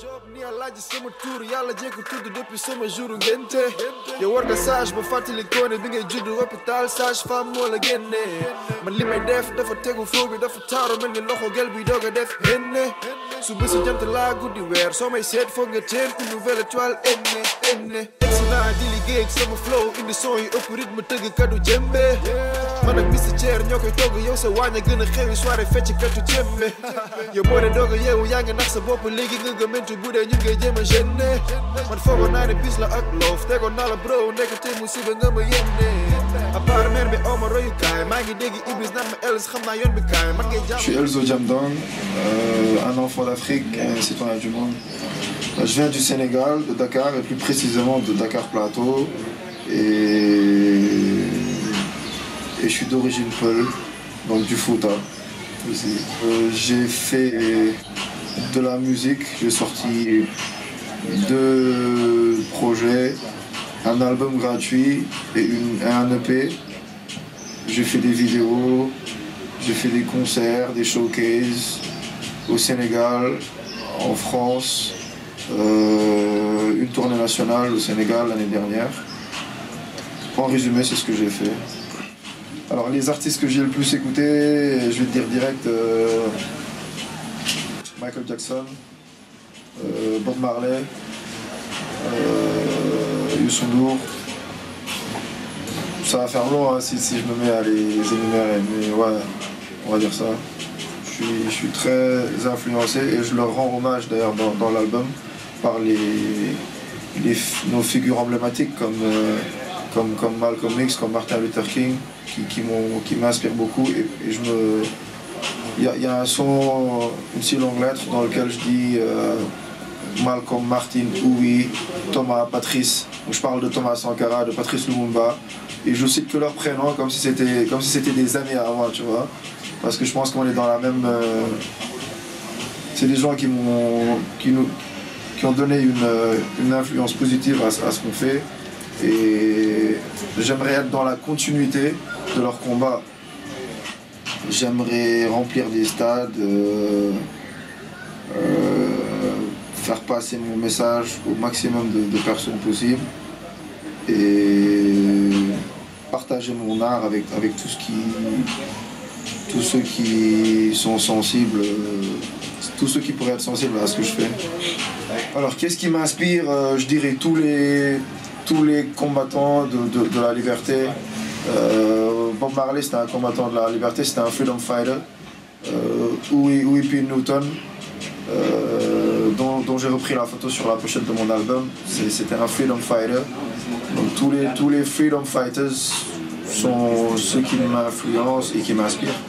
job ni alaji sama tour yalla je ko tuddu depuis sama jour ngente yo warga sage ba fatali ko ne bi ngay juddu hôpital sage femme mo la genne man li may def dafa tegu fo dafa taaru mel ni loxo gel bi doga def henne su bu su jant la guddi weer so may seet fo nga ku nouvelle toile enne enne na di liggéey ak sama flow indi son yi ëpp rythme tëgg kadu jembe man ak Mr Chair ñoo koy togg yow sa waañ gëna gën xewi soirée fecc katu jembe yow boo doga yow a yeewu sa nga tu bu dee ñu ngay jéem a génne man foogoon naa ne bis la ak loof tegoon naa la bro nekk te musiba nga ma yénne a part mer bi oma royukaay maa ngi dégg iblis naan ma els xam naa yoon bi kaay man ngay jàmm je suis Elzo Jamdan euh, un enfant d'Afrique et un citoyen du monde je viens du Sénégal de Dakar et plus précisément de Dakar Plateau et et je suis d'origine peul donc du Fouta aussi euh, j'ai fait de la musique. J'ai sorti deux projets, un album gratuit et un EP. J'ai fait des vidéos, j'ai fait des concerts, des showcases au Sénégal, en France, euh, une tournée nationale au Sénégal l'année dernière. En résumé, c'est ce que j'ai fait. Alors les artistes que j'ai le plus écoutés, je vais te dire direct, euh, Michael Jackson, euh, Bob Marley, euh, Ça va faire long hein, si, je me mets à les énumérer, mais ouais, on va dire ça. Je suis, très influencé et je leur rends hommage d'ailleurs dans, l'album par nos figures emblématiques euh, comme, Malcolm X, comme Martin Luther King, qui, qui m'inspirent beaucoup et je me il y, a un son, une si longue lettre dans lequel je dis euh, Malcolm, Martin, oui, Thomas, Patrice. je parle de Thomas Sankara, de Patrice Lumumba. Et je cite que leurs prénoms comme si c'était comme si c'était des années avant tu vois. Parce que je pense qu'on est dans la même. Euh, c'est des gens qui m'ont qui nous ont donné une, euh, influence positive à ce qu'on fait. Et j'aimerais être dans la continuité de leur combat. J'aimerais remplir des stades, euh, euh, faire passer mon message au maximum de, personnes possibles et partager mon art avec, tous ceux qui sont sensibles, euh, tous ceux qui pourraient être sensibles à ce que je fais. Alors qu'est-ce qui m'inspire Je dirais tous les, tous les combattants de la liberté. Euh, Bob Marley, c'était un combattant de la liberté, c'était un freedom fighter. Euh, oui, P. Newton, euh, dont, j'ai repris la photo sur la pochette de mon album, c'était un freedom fighter. tous les, tous les freedom fighters sont ceux qui m'influencent et qui m'inspirent.